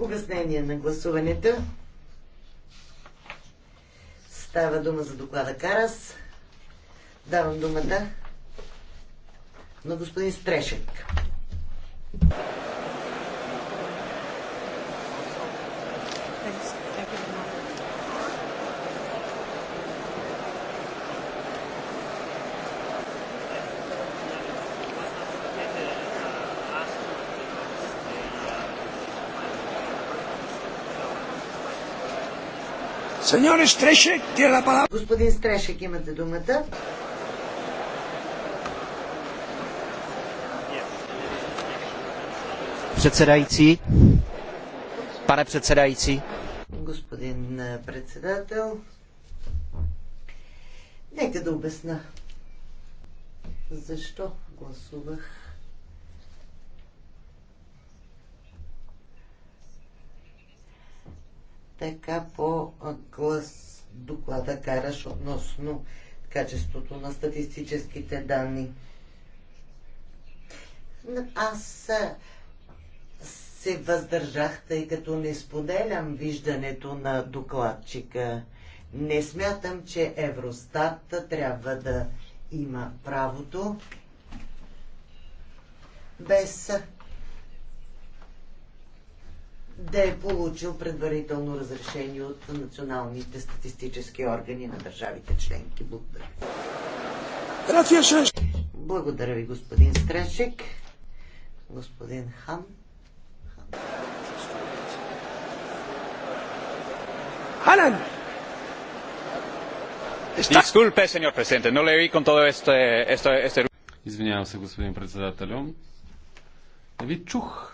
Обяснение на гласуването. Става дума за доклада Карас. Давам думата на господин Стрешек. Señor Стрешек, ти е Господин Стрешек, имате думата. Председайци. Пане председайци. Господин е, председател, нека да обясна защо гласувах така по глас доклада караш относно качеството на статистическите данни. Аз се въздържах, тъй като не споделям виждането на докладчика. Не смятам, че Евростат трябва да има правото без да е получил предварително разрешение от националните статистически органи на държавите членки. Благодаря. Благодаря ви, господин Стрешек. Господин Хан. Хан. Ханан! Disculpe, señor presidente, no le oí con todo este... este, este... Извинявам се, господин председател. Не ви чух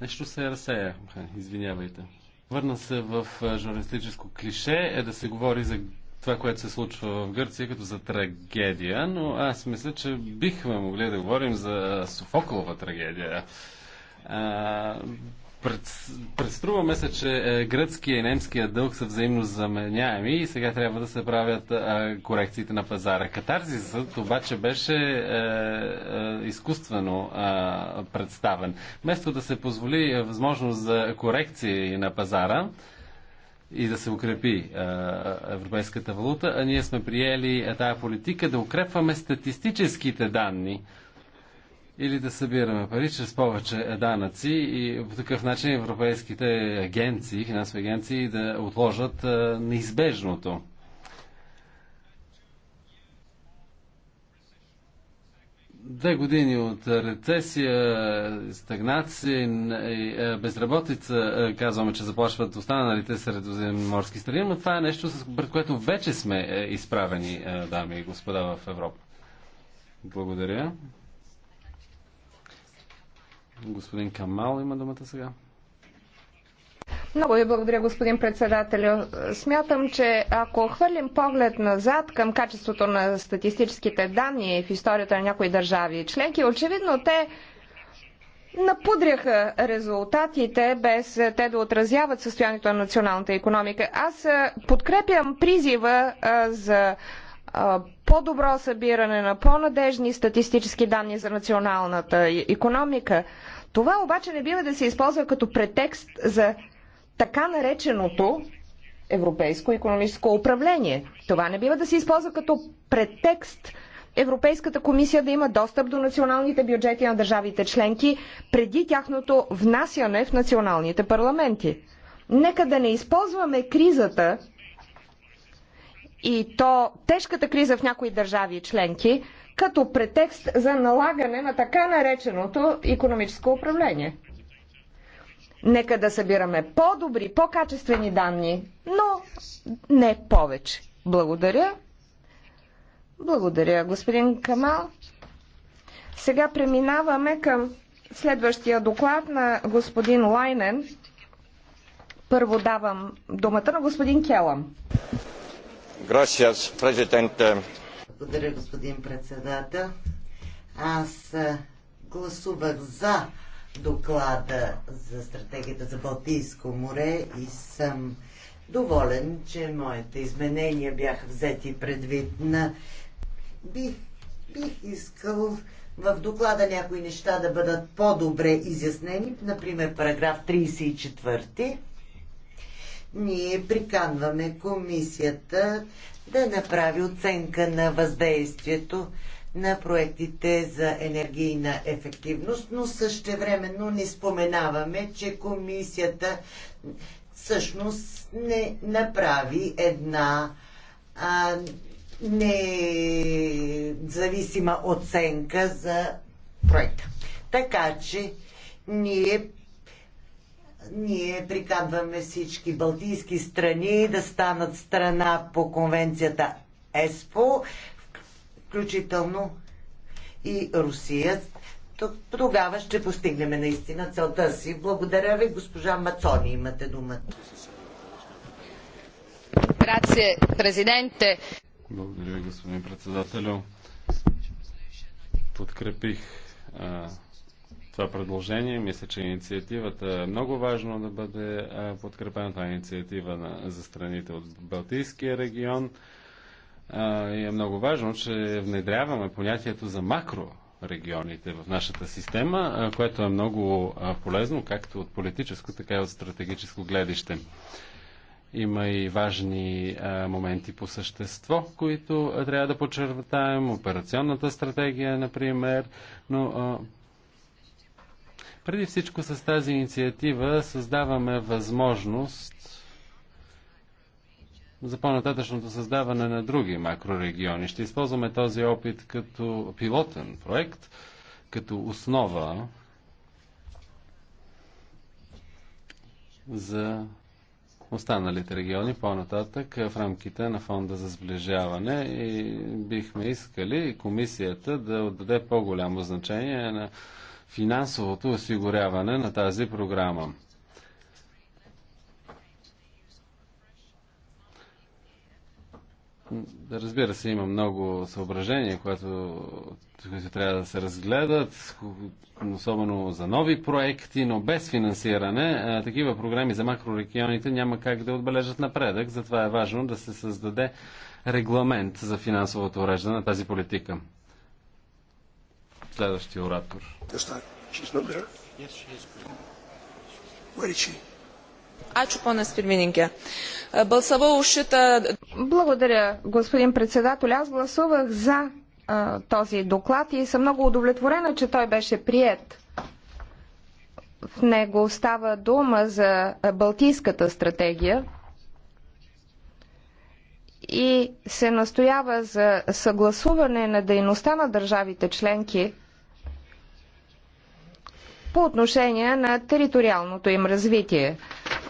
Нещо се разсея. Извинявайте. Върна се в журналистическо клише е да се говори за това, което се случва в Гърция като за трагедия, но аз мисля, че бихме могли да говорим за Софоколова трагедия. А, пред, преструваме се, че е, гръцкия и немския дълг са взаимно заменяеми и сега трябва да се правят а, е, корекциите на пазара. Катарзисът обаче беше а, е, а, изкуствено а, представен. Вместо да се позволи възможност за корекции на пазара, и да се укрепи а, европейската валута, а ние сме приели тая политика да укрепваме статистическите данни, или да събираме пари чрез повече данъци и по такъв начин европейските агенции, финансови агенции да отложат неизбежното. Две години от рецесия, стагнация и безработица, казваме, че заплашват останалите средоземноморски страни, но това е нещо, пред което вече сме е, изправени, дами и господа, в Европа. Благодаря. Господин Камал има думата сега. Много ви благодаря, господин председателю. Смятам, че ако хвърлим поглед назад към качеството на статистическите данни в историята на някои държави и членки, очевидно те напудряха резултатите, без те да отразяват състоянието на националната економика. Аз подкрепям призива за по-добро събиране на по-надежни статистически данни за националната економика. Това обаче не бива да се използва като претекст за така нареченото европейско економическо управление. Това не бива да се използва като претекст Европейската комисия да има достъп до националните бюджети на държавите членки преди тяхното внасяне в националните парламенти. Нека да не използваме кризата и то тежката криза в някои държави членки като претекст за налагане на така нареченото економическо управление. Нека да събираме по-добри, по-качествени данни, но не повече. Благодаря. Благодаря, господин Камал. Сега преминаваме към следващия доклад на господин Лайнен. Първо давам думата на господин Келам. Gracias, президенте. Благодаря, господин председател. Аз гласувах за доклада за стратегията за Балтийско море и съм доволен, че моите изменения бяха взети предвид на... Бих, бих искал в доклада някои неща да бъдат по-добре изяснени, например параграф 34 ние приканваме комисията да направи оценка на въздействието на проектите за енергийна ефективност, но същевременно не споменаваме, че комисията всъщност не направи една а, независима оценка за проекта. Така че ние ние приканваме всички балтийски страни да станат страна по конвенцията ЕСПО, включително и Русия. Тогава ще постигнем наистина целта си. Благодаря ви, госпожа Мацони, имате думата. Грация, президенте. Благодаря, господин председател. Подкрепих а, това предложение. Мисля, че инициативата е много важно да бъде подкрепена. Това е инициатива на, за страните от Балтийския регион. А, и е много важно, че внедряваме понятието за макро регионите в нашата система, което е много полезно, както от политическо, така и от стратегическо гледище. Има и важни моменти по същество, които трябва да подчертаем. Операционната стратегия, например. Но преди всичко с тази инициатива създаваме възможност за по-нататъчното създаване на други макрорегиони. Ще използваме този опит като пилотен проект, като основа за останалите региони по-нататък в рамките на фонда за сближаване и бихме искали комисията да отдаде по-голямо значение на финансовото осигуряване на тази програма. Да, разбира се, има много съображения, които, които трябва да се разгледат, особено за нови проекти, но без финансиране такива програми за макрорегионите няма как да отбележат напредък. Затова е важно да се създаде регламент за финансовото уреждане на тази политика. Следващия оратор. Благодаря, господин председател. Аз гласувах за а, този доклад и съм много удовлетворена, че той беше прият. В него става дума за Балтийската стратегия и се настоява за съгласуване на дейността на държавите членки по отношение на териториалното им развитие.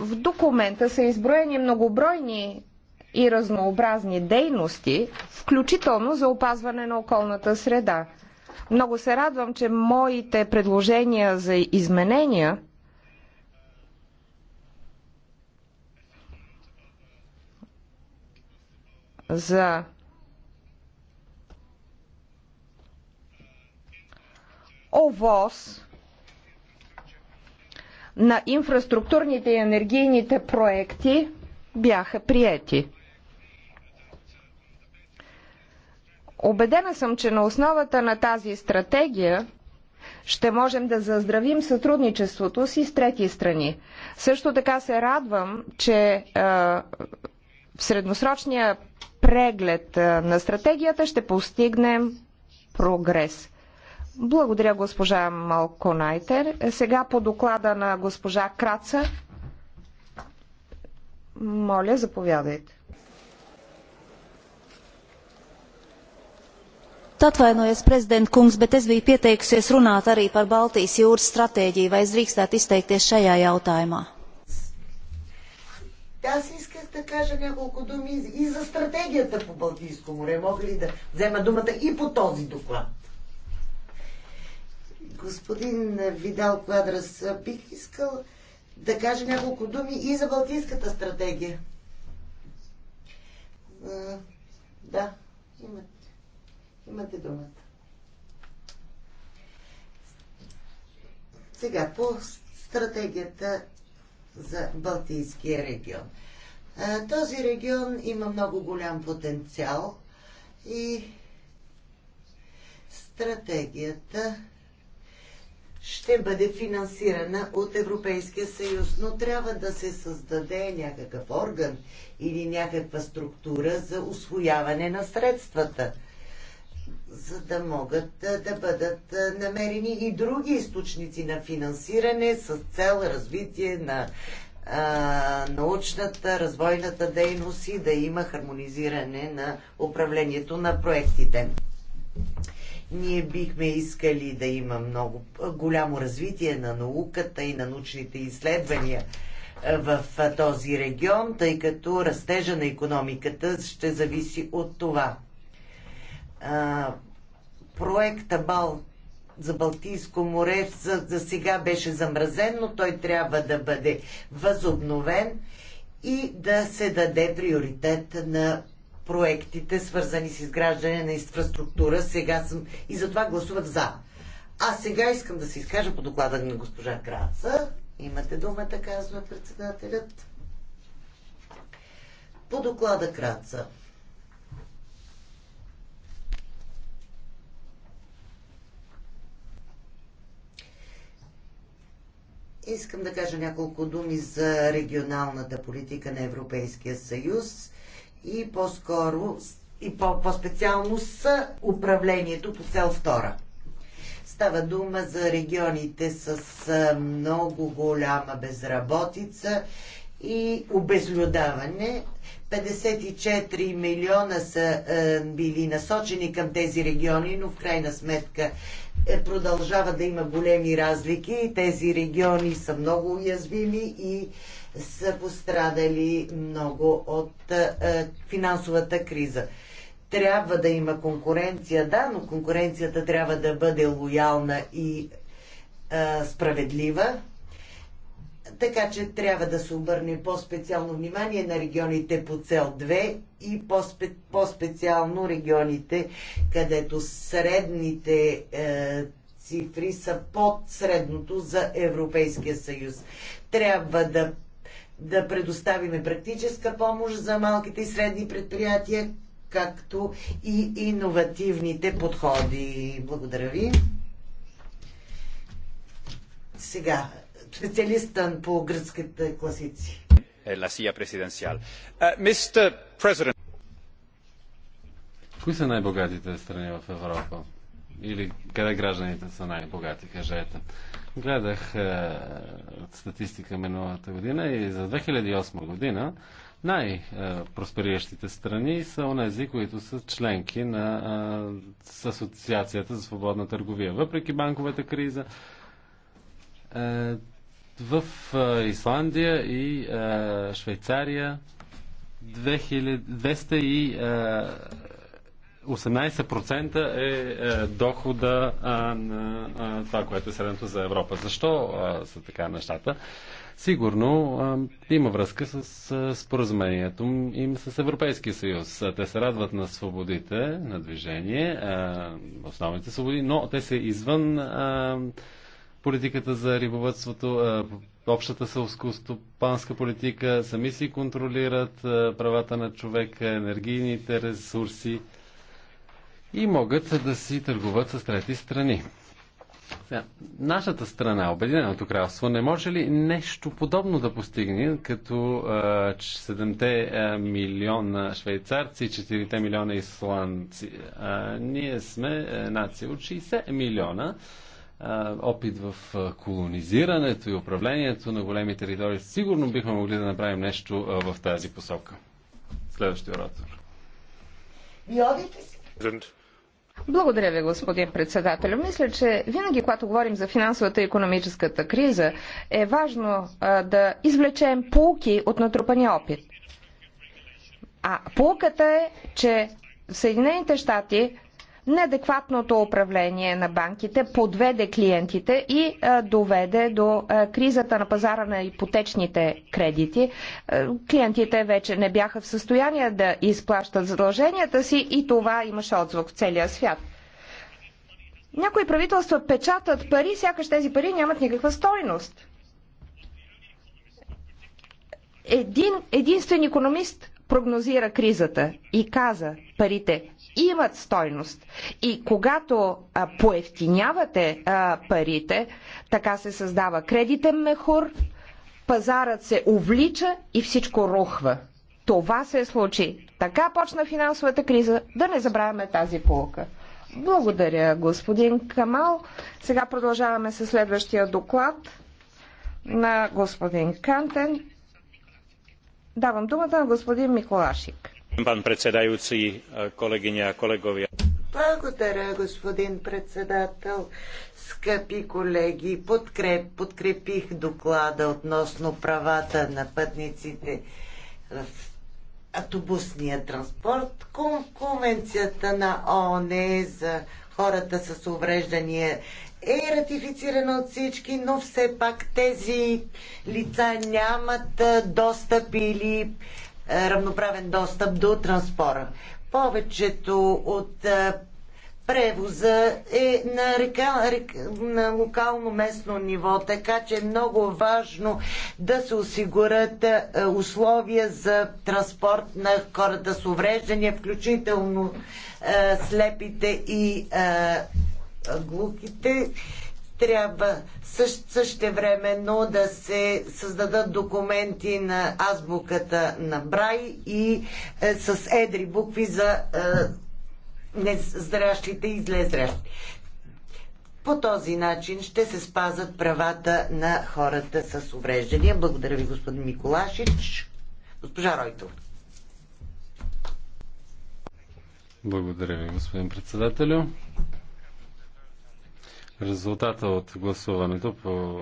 В документа са изброени многобройни и разнообразни дейности, включително за опазване на околната среда. Много се радвам, че моите предложения за изменения за ОВОС на инфраструктурните и енергийните проекти бяха приети. Обедена съм, че на основата на тази стратегия ще можем да заздравим сътрудничеството си с трети страни. Също така се радвам, че е, в средносрочния преглед на стратегията ще постигнем прогрес. Благодаря, госпожа Малконайтер. Сега по доклада на госпожа Краца. Моля, заповядайте. Atvainojos, prezident kungs, bet es biju pieteikusies runāt arī par Baltijas jūras stratēģiju. Vai es drīkstētu izteikties šajā jautājumā? Аз исках да кажа няколко думи и за стратегията по Балтийско море. Мога ли да взема думата и по този доклад? Господин Видал Квадрас, бих искал да кажа няколко думи и за Балтийската стратегия. Да, имате, имате думата. Сега по стратегията за Балтийския регион. Този регион има много голям потенциал и стратегията ще бъде финансирана от Европейския съюз, но трябва да се създаде някакъв орган или някаква структура за освояване на средствата, за да могат да бъдат намерени и други източници на финансиране с цел развитие на а, научната, развойната дейност и да има хармонизиране на управлението на проектите. Ние бихме искали да има много голямо развитие на науката и на научните изследвания в този регион, тъй като растежа на економиката ще зависи от това. Проекта Бал за Балтийско море за, за сега беше замразен, но той трябва да бъде възобновен и да се даде приоритет на проектите, свързани с изграждане на инфраструктура. Сега съм и затова гласувах за. А сега искам да се изкажа по доклада на госпожа Краца. Имате думата, казва председателят. По доклада Краца. Искам да кажа няколко думи за регионалната политика на Европейския съюз – и по-скоро и по-специално -по с управлението по цел втора. Става дума за регионите с много голяма безработица и обезлюдаване. 54 милиона са е, били насочени към тези региони, но в крайна сметка е, продължава да има големи разлики. Тези региони са много уязвими и са пострадали много от е, е, финансовата криза. Трябва да има конкуренция, да, но конкуренцията трябва да бъде лоялна и е, справедлива. Така че трябва да се обърне по-специално внимание на регионите по цел 2 и по-специално регионите, където средните е, цифри са под средното за Европейския съюз. Трябва да да предоставиме практическа помощ за малките и средни предприятия, както и иновативните подходи. Благодаря ви. Сега, специалистън по гръцките класици. La silla presidencial. Mr. President. Кои са най-богатите страни в Европа? или къде гражданите са най-богати, кажете. Гледах е, статистика миналата година и за 2008 година най-проспериращите страни са онези, които са членки на е, с Асоциацията за свободна търговия. Въпреки банковата криза, е, в е, Исландия и е, Швейцария 200 и е, 18% е, е дохода на това, което е средното за Европа. Защо са така нещата? Сигурно има връзка с споразумението им с Европейския съюз. Те се радват на свободите на движение, основните свободи, но те са извън политиката за рибовътството, общата селско-стопанска политика, сами си контролират правата на човека, енергийните ресурси и могат да си търгуват с трети страни. Нашата страна, Обединеното кралство, не може ли нещо подобно да постигне, като 7 милиона швейцарци, 4 милиона исландци? Ние сме нация от 60 милиона. Опит в колонизирането и управлението на големи територии. Сигурно бихме могли да направим нещо в тази посока. Следващия оратор. Йодите се. Благодаря ви, господин председател. Мисля, че винаги, когато говорим за финансовата и економическата криза, е важно а, да извлечем полки от натрупания опит. А полката е, че в Съединените щати неадекватното управление на банките подведе клиентите и доведе до кризата на пазара на ипотечните кредити. Клиентите вече не бяха в състояние да изплащат задълженията си и това имаше отзвук в целия свят. Някои правителства печатат пари, сякаш тези пари нямат никаква стойност. Един единствен економист прогнозира кризата и каза, парите имат стойност. И когато а, поевтинявате а, парите, така се създава кредитен мехур, пазарът се увлича и всичко рухва. Това се случи. Така почна финансовата криза. Да не забравяме тази полка. Благодаря, господин Камал. Сега продължаваме с следващия доклад на господин Кантен. Давам думата на господин Миколашик. Благодаря, господин председател. Скъпи колеги, подкреп, подкрепих доклада относно правата на пътниците в автобусния транспорт. Конвенцията на ООН за хората с увреждания е ратифицирана от всички, но все пак тези лица нямат достъп или е, равноправен достъп до транспора. Повечето от е, превоза е на, река, река, на локално местно ниво, така че е много важно да се осигурят е, условия за транспорт на хората с увреждания, включително е, слепите и е, глухите трябва също, същевременно да се създадат документи на азбуката на Брай и е, с едри букви за е, незрящите и злезрящите. По този начин ще се спазат правата на хората с увреждания. Благодаря ви, господин Миколашич. Госпожа Ройтова. Благодаря ви, господин председателю. Резултата от гласуването по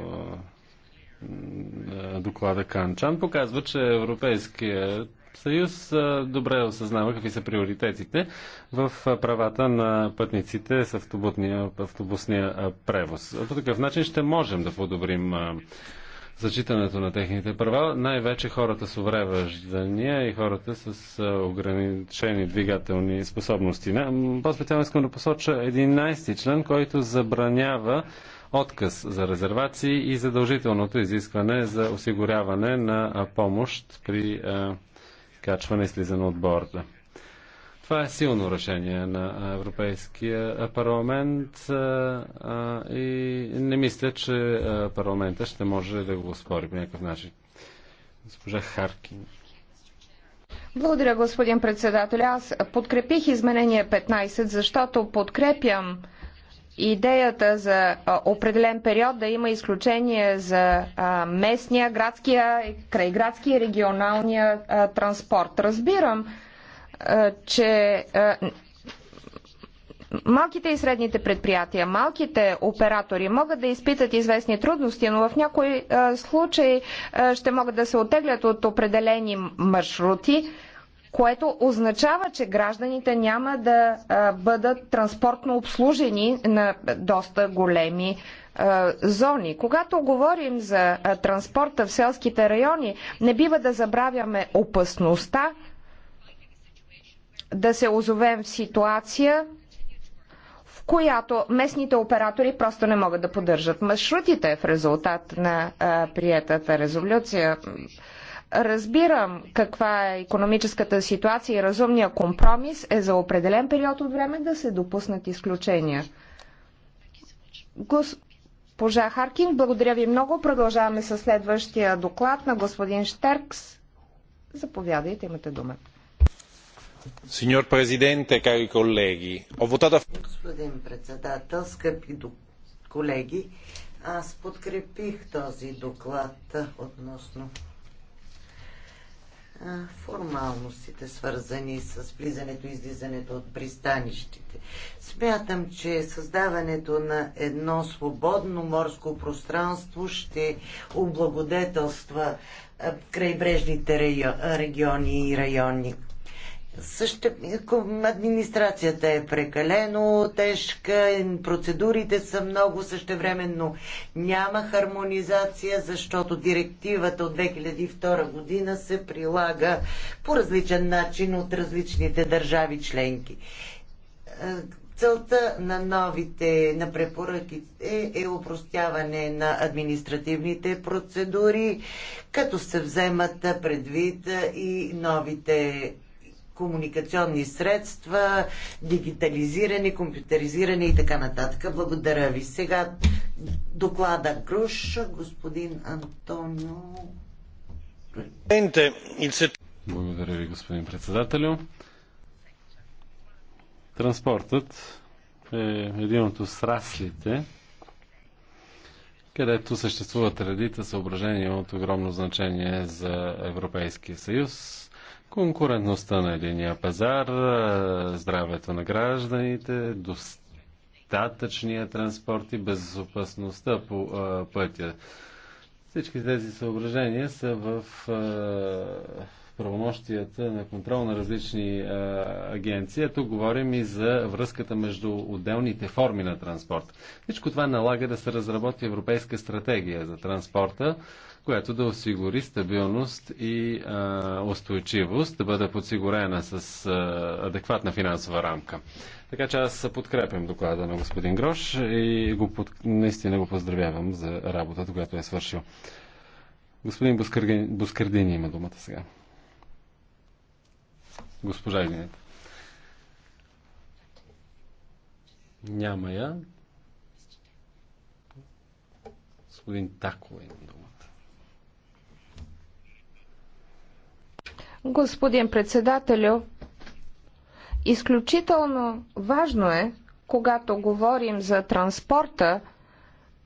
е, доклада Канчан показва, че Европейския съюз е, добре осъзнава какви са приоритетите в правата на пътниците с автобусния, автобусния е, превоз. По такъв начин ще можем да подобрим зачитането на техните права, най-вече хората с увреждания и хората с ограничени двигателни способности. По-специално искам да посоча 11 член, който забранява отказ за резервации и задължителното изискване за осигуряване на помощ при качване и слизане от борда. Това е силно решение на Европейския парламент и не мисля, че парламента ще може да го спори по някакъв начин. Госпожа Харкин. Благодаря, господин председател. Аз подкрепих изменение 15, защото подкрепям идеята за определен период да има изключение за местния, градския, крайградския регионалния транспорт. Разбирам, че малките и средните предприятия, малките оператори могат да изпитат известни трудности, но в някои случаи ще могат да се отеглят от определени маршрути, което означава, че гражданите няма да бъдат транспортно обслужени на доста големи зони. Когато говорим за транспорта в селските райони, не бива да забравяме опасността да се озовем в ситуация, в която местните оператори просто не могат да поддържат маршрутите в резултат на а, приятата резолюция. Разбирам каква е економическата ситуация и разумния компромис е за определен период от време да се допуснат изключения. Госпожа Харкин, благодаря ви много. Продължаваме с следващия доклад на господин Штеркс. Заповядайте, имате думата. Signor Presidente, cari colleghi, ho votato a... Господин председател, скъпи колеги, аз подкрепих този доклад относно формалностите, свързани с влизането и излизането от пристанищите. Смятам, че създаването на едно свободно морско пространство ще облагодетелства крайбрежните региони и райони. Също, администрацията е прекалено тежка, процедурите са много същевременно. Няма хармонизация, защото директивата от 2002 година се прилага по различен начин от различните държави членки. Целта на новите, на препоръките е упростяване на административните процедури, като се вземат предвид и новите комуникационни средства, дигитализиране, компютеризиране и така нататък. Благодаря ви. Сега доклада Груш, господин Антонио. Благодаря ви, господин председателю. Транспортът е един от сраслите, където съществуват редите съображения от огромно значение за Европейския съюз конкурентността на единия пазар, здравето на гражданите, достатъчния транспорт и безопасността по а, пътя. Всички тези съображения са в а, правомощията на контрол на различни а, агенции. Тук говорим и за връзката между отделните форми на транспорт. Всичко това налага да се разработи европейска стратегия за транспорта, която да осигури стабилност и а, устойчивост, да бъде подсигурена с а, адекватна финансова рамка. Така че аз подкрепям доклада на господин Грош и го под... наистина го поздравявам за работата, която е свършил. Господин Бускъргин... Бускърдини има думата сега. Госпожа Игнета. Няма я. Господин Тако има думата. Господин председателю, изключително важно е, когато говорим за транспорта,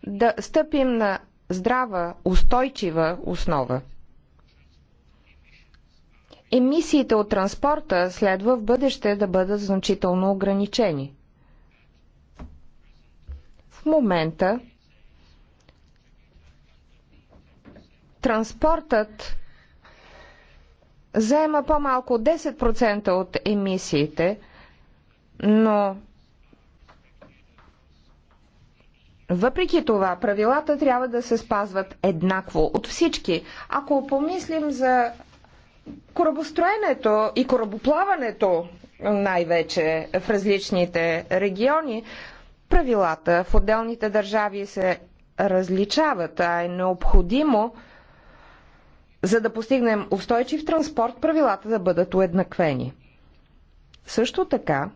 да стъпим на здрава, устойчива основа. Емисиите от транспорта следва в бъдеще да бъдат значително ограничени. В момента транспортът заема по-малко 10% от емисиите, но въпреки това, правилата трябва да се спазват еднакво от всички. Ако помислим за корабостроенето и корабоплаването най-вече в различните региони, правилата в отделните държави се различават, а е необходимо за да постигнем устойчив транспорт, правилата да бъдат уеднаквени. Също така,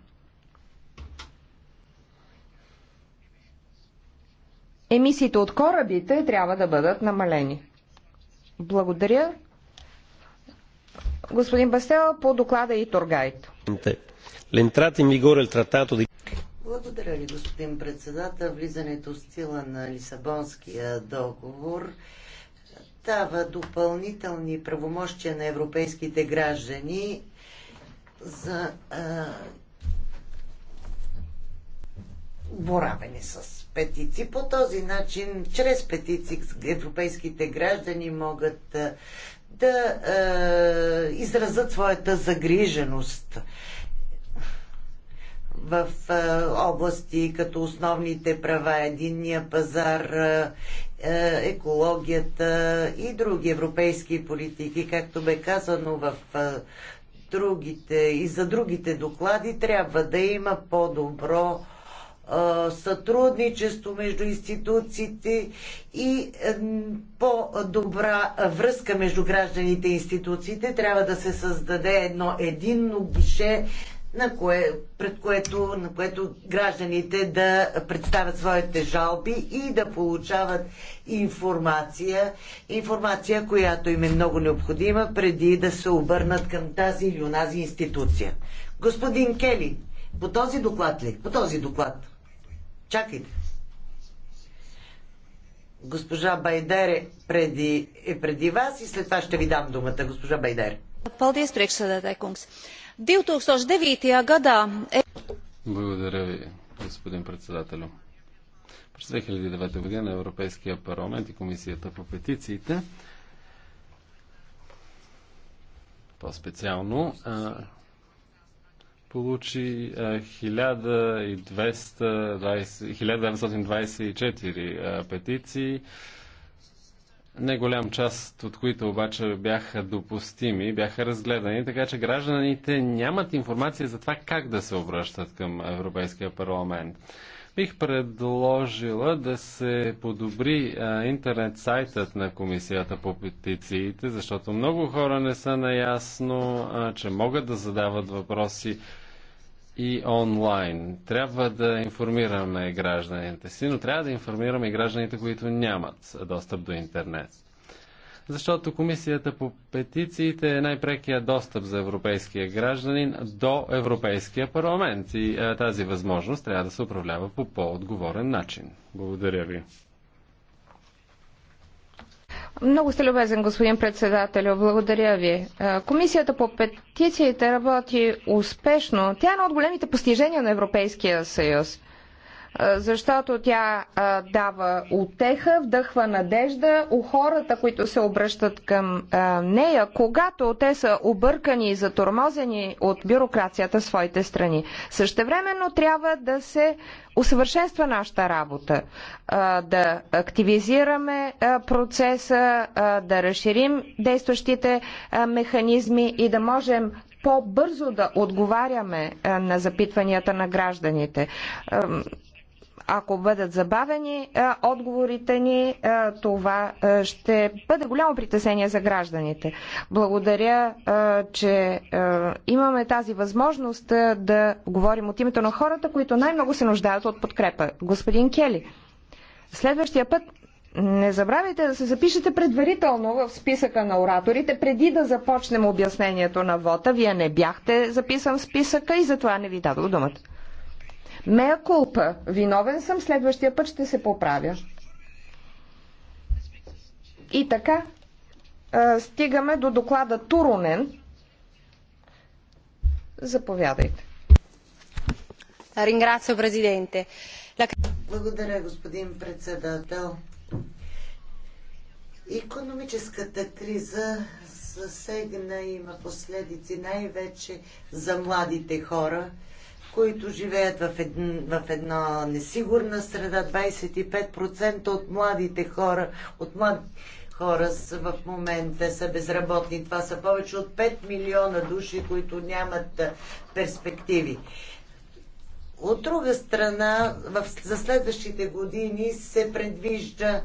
емисиите от корабите трябва да бъдат намалени. Благодаря. Господин Бастел, по доклада и Торгайто. Благодаря ви, господин председател. Влизането с сила на Лисабонския договор дава допълнителни правомощия на европейските граждани за а, боравене с петиции. По този начин, чрез петици европейските граждани могат а, да а, изразят своята загриженост в а, области като основните права, единния пазар а, е, екологията и други европейски политики, както бе казано в е, другите и за другите доклади, трябва да има по-добро е, сътрудничество между институциите и по-добра връзка между гражданите и институциите. Трябва да се създаде едно единно гише на кое, пред което, на което гражданите да представят своите жалби и да получават информация, информация, която им е много необходима преди да се обърнат към тази или онази институция. Господин Кели, по този доклад ли? По този доклад. Чакайте. Госпожа Байдере преди, е преди вас и след това ще ви дам думата, госпожа Байдере. Paldies, priekšsēdētāj kungs. Е. Благодаря ви, господин председател, През 2009 година Европейския парламент и Комисията по петициите по-специално получи 1224 1924 петиции не голям част от които обаче бяха допустими, бяха разгледани, така че гражданите нямат информация за това как да се обръщат към Европейския парламент. Бих предложила да се подобри интернет сайтът на Комисията по петициите, защото много хора не са наясно, а, че могат да задават въпроси и онлайн. Трябва да информираме гражданите си, но трябва да информираме и гражданите, които нямат достъп до интернет. Защото Комисията по петициите е най-прекия достъп за европейския гражданин до Европейския парламент и тази възможност трябва да се управлява по по-отговорен начин. Благодаря ви. Много сте любезен, господин председател, Благодаря ви. Комисията по петициите работи успешно. Тя е едно от големите постижения на Европейския съюз защото тя дава утеха, вдъхва надежда у хората, които се обръщат към нея, когато те са объркани и затормозени от бюрокрацията в своите страни. Същевременно трябва да се усъвършенства нашата работа, да активизираме процеса, да разширим действащите механизми и да можем по-бързо да отговаряме на запитванията на гражданите ако бъдат забавени отговорите ни, това ще бъде голямо притесение за гражданите. Благодаря, че имаме тази възможност да говорим от името на хората, които най-много се нуждаят от подкрепа. Господин Кели, следващия път не забравяйте да се запишете предварително в списъка на ораторите, преди да започнем обяснението на вота. Вие не бяхте записан в списъка и затова не ви дадох думата. Мея кулпа. Виновен съм, следващия път ще се поправя. И така, стигаме до доклада Туронен. Заповядайте. Ринграцио, президенте. Благодаря, господин председател. Економическата криза засегна и има последици най-вече за младите хора, които живеят в, един, в една несигурна среда. 25% от младите хора, от млад хора са, в момента са безработни. Това са повече от 5 милиона души, които нямат перспективи. От друга страна, в, за следващите години се предвижда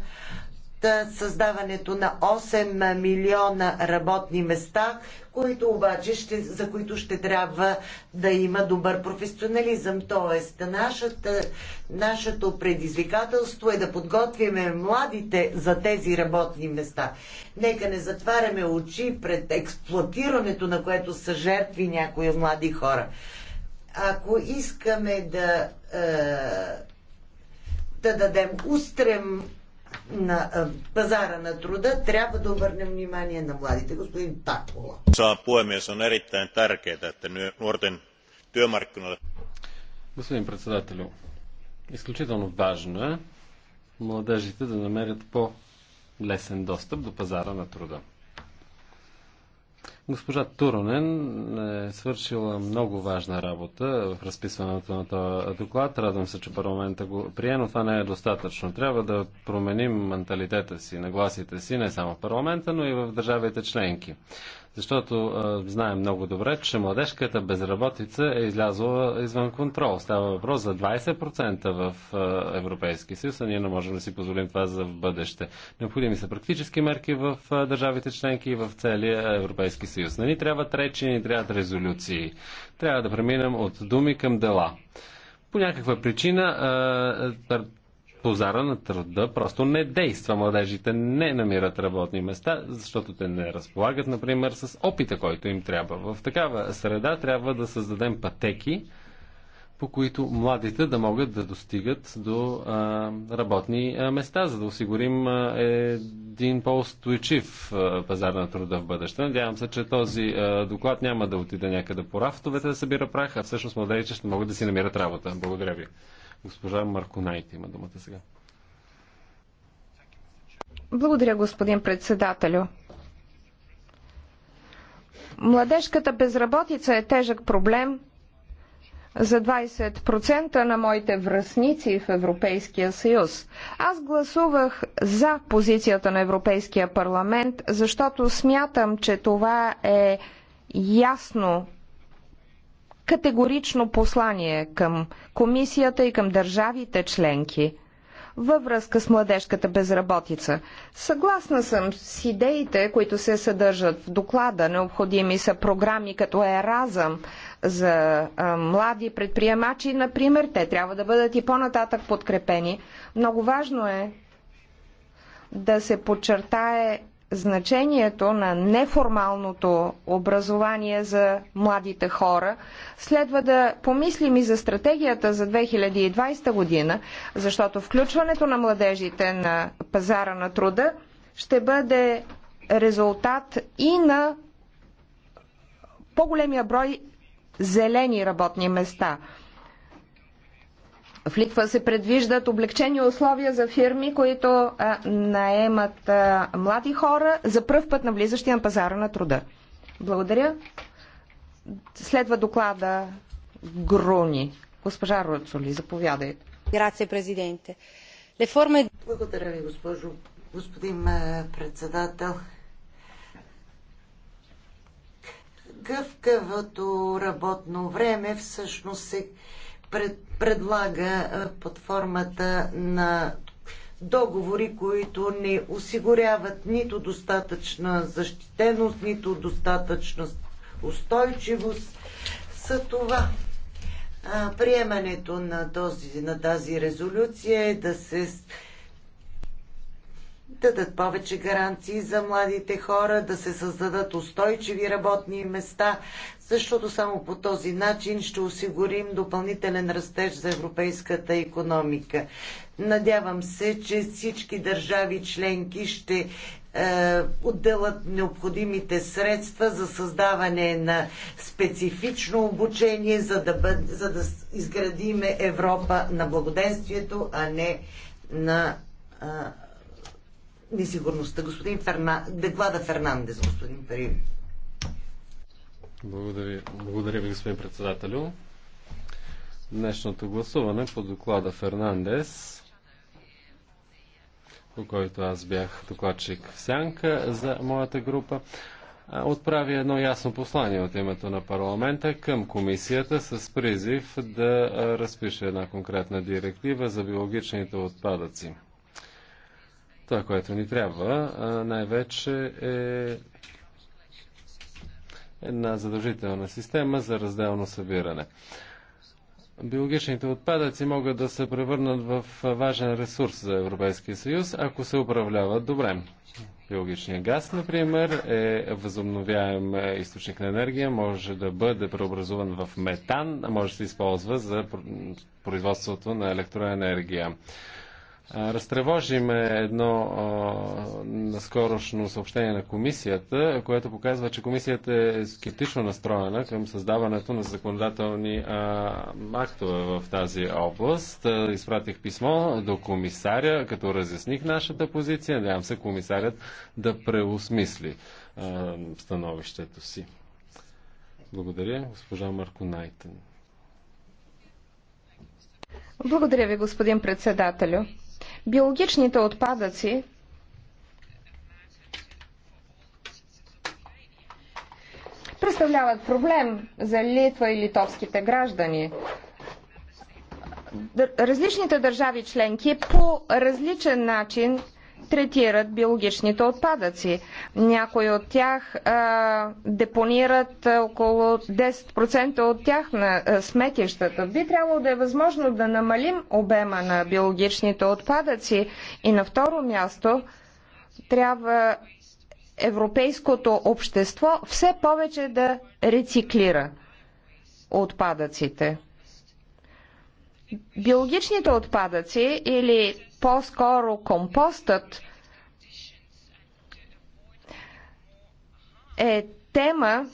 създаването на 8 милиона работни места, които обаче ще, за които ще трябва да има добър професионализъм. Тоест, нашата, нашето предизвикателство е да подготвиме младите за тези работни места. Нека не затваряме очи пред експлуатирането, на което са жертви някои млади хора. Ако искаме да, е, да дадем устрем на пазара на труда, трябва да обърнем внимание на младите. Господин Такола. Господин председателю, изключително важно е младежите да намерят по-лесен достъп до пазара на труда. Госпожа Туронен е свършила много важна работа в разписването на този доклад. Радвам се, че парламента го прие, но това не е достатъчно. Трябва да променим менталитета си, нагласите си, не само в парламента, но и в държавите членки. Защото а, знаем много добре, че младежката безработица е излязла извън контрол. Става въпрос за 20% в Европейски съюз, а ние не можем да си позволим това за в бъдеще. Необходими са практически мерки в а, държавите членки и в целия Европейски съюз. Не ни трябват речи, ни трябват резолюции. Трябва да преминем от думи към дела. По някаква причина а, пазара на труда просто не действа. Младежите не намират работни места, защото те не разполагат, например, с опита, който им трябва. В такава среда трябва да създадем пътеки, по които младите да могат да достигат до а, работни а, места, за да осигурим а, един по-устойчив пазар на труда в бъдеще. Надявам се, че този а, доклад няма да отиде някъде по рафтовете да събира прах, а всъщност младежите ще могат да си намират работа. Благодаря ви. Госпожа Марконайте има думата сега. Благодаря, господин председателю. Младежката безработица е тежък проблем за 20% на моите връзници в Европейския съюз. Аз гласувах за позицията на Европейския парламент, защото смятам, че това е ясно категорично послание към комисията и към държавите членки във връзка с младежката безработица. Съгласна съм с идеите, които се съдържат в доклада. Необходими са програми като Еразъм за а, млади предприемачи, например. Те трябва да бъдат и по-нататък подкрепени. Много важно е да се подчертае значението на неформалното образование за младите хора, следва да помислим и за стратегията за 2020 година, защото включването на младежите на пазара на труда ще бъде резултат и на по-големия брой зелени работни места – в Литва се предвиждат облегчени условия за фирми, които наемат млади хора за пръв път навлизащи на пазара на труда. Благодаря. Следва доклада Груни. Госпожа Руцоли, заповядайте. Грация, президенте. Реформе... Благодаря ви, госпожо, господин председател. Гъвкавото работно време всъщност се пред, предлага под формата на договори, които не осигуряват нито достатъчна защитеност, нито достатъчна устойчивост. За това приемането на, този, на тази резолюция е да се дадат повече гаранции за младите хора, да се създадат устойчиви работни места, защото само по този начин ще осигурим допълнителен растеж за европейската економика. Надявам се, че всички държави членки ще е, отделят необходимите средства за създаване на специфично обучение, за да, бъд, за да изградиме Европа на благоденствието, а не на е, несигурността. Господин Ферна... Деклада Фернандес, господин Пари. Благодаря, благодаря ви, господин председателю. Днешното гласуване по доклада Фернандес, по който аз бях докладчик в Сянка за моята група, отправи едно ясно послание от името на парламента към комисията с призив да разпише една конкретна директива за биологичните отпадъци. Това, което ни трябва, най-вече е една задължителна система за разделно събиране. Биологичните отпадъци могат да се превърнат в важен ресурс за Европейския съюз, ако се управляват добре. Биологичният газ, например, е възобновяем източник на енергия, може да бъде преобразуван в метан, а може да се използва за производството на електроенергия. Разтревожи ме едно а, наскорошно съобщение на комисията, което показва, че комисията е скептично настроена към създаването на законодателни а, актове в тази област. изпратих писмо до комисаря, като разясних нашата позиция. Надявам се комисарят да преосмисли а, становището си. Благодаря, госпожа Марко Найтен. Благодаря ви, господин председателю. Биологичните отпадъци представляват проблем за Литва и литовските граждани. Различните държави членки по различен начин третират биологичните отпадъци. Някои от тях а, депонират около 10% от тях на а, сметищата. Би трябвало да е възможно да намалим обема на биологичните отпадъци и на второ място трябва европейското общество все повече да рециклира отпадъците биологичните отпадъци или по-скоро компостът е тема,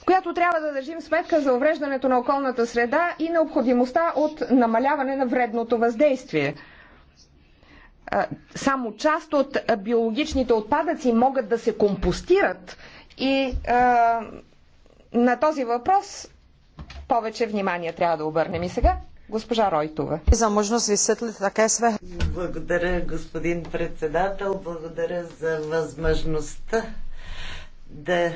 в която трябва да държим сметка за увреждането на околната среда и необходимостта от намаляване на вредното въздействие. Само част от биологичните отпадъци могат да се компостират и а, на този въпрос повече внимание трябва да обърнем. И сега госпожа Ройтова. За можност светли така е Благодаря, господин председател. Благодаря за възможността да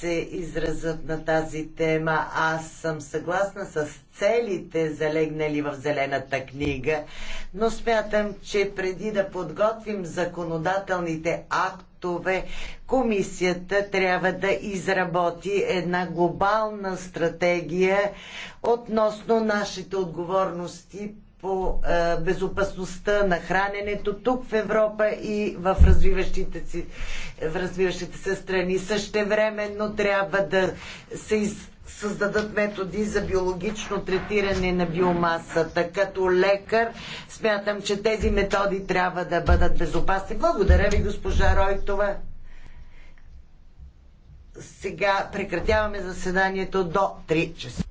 се изразят на тази тема. Аз съм съгласна с целите, залегнали в Зелената книга, но смятам, че преди да подготвим законодателните актове, комисията трябва да изработи една глобална стратегия относно нашите отговорности по е, безопасността на храненето тук в Европа и в развиващите, си, в развиващите се страни. Същевременно трябва да се из създадат методи за биологично третиране на биомасата. Като лекар смятам, че тези методи трябва да бъдат безопасни. Благодаря ви, госпожа Ройтова. Сега прекратяваме заседанието до 3 часа.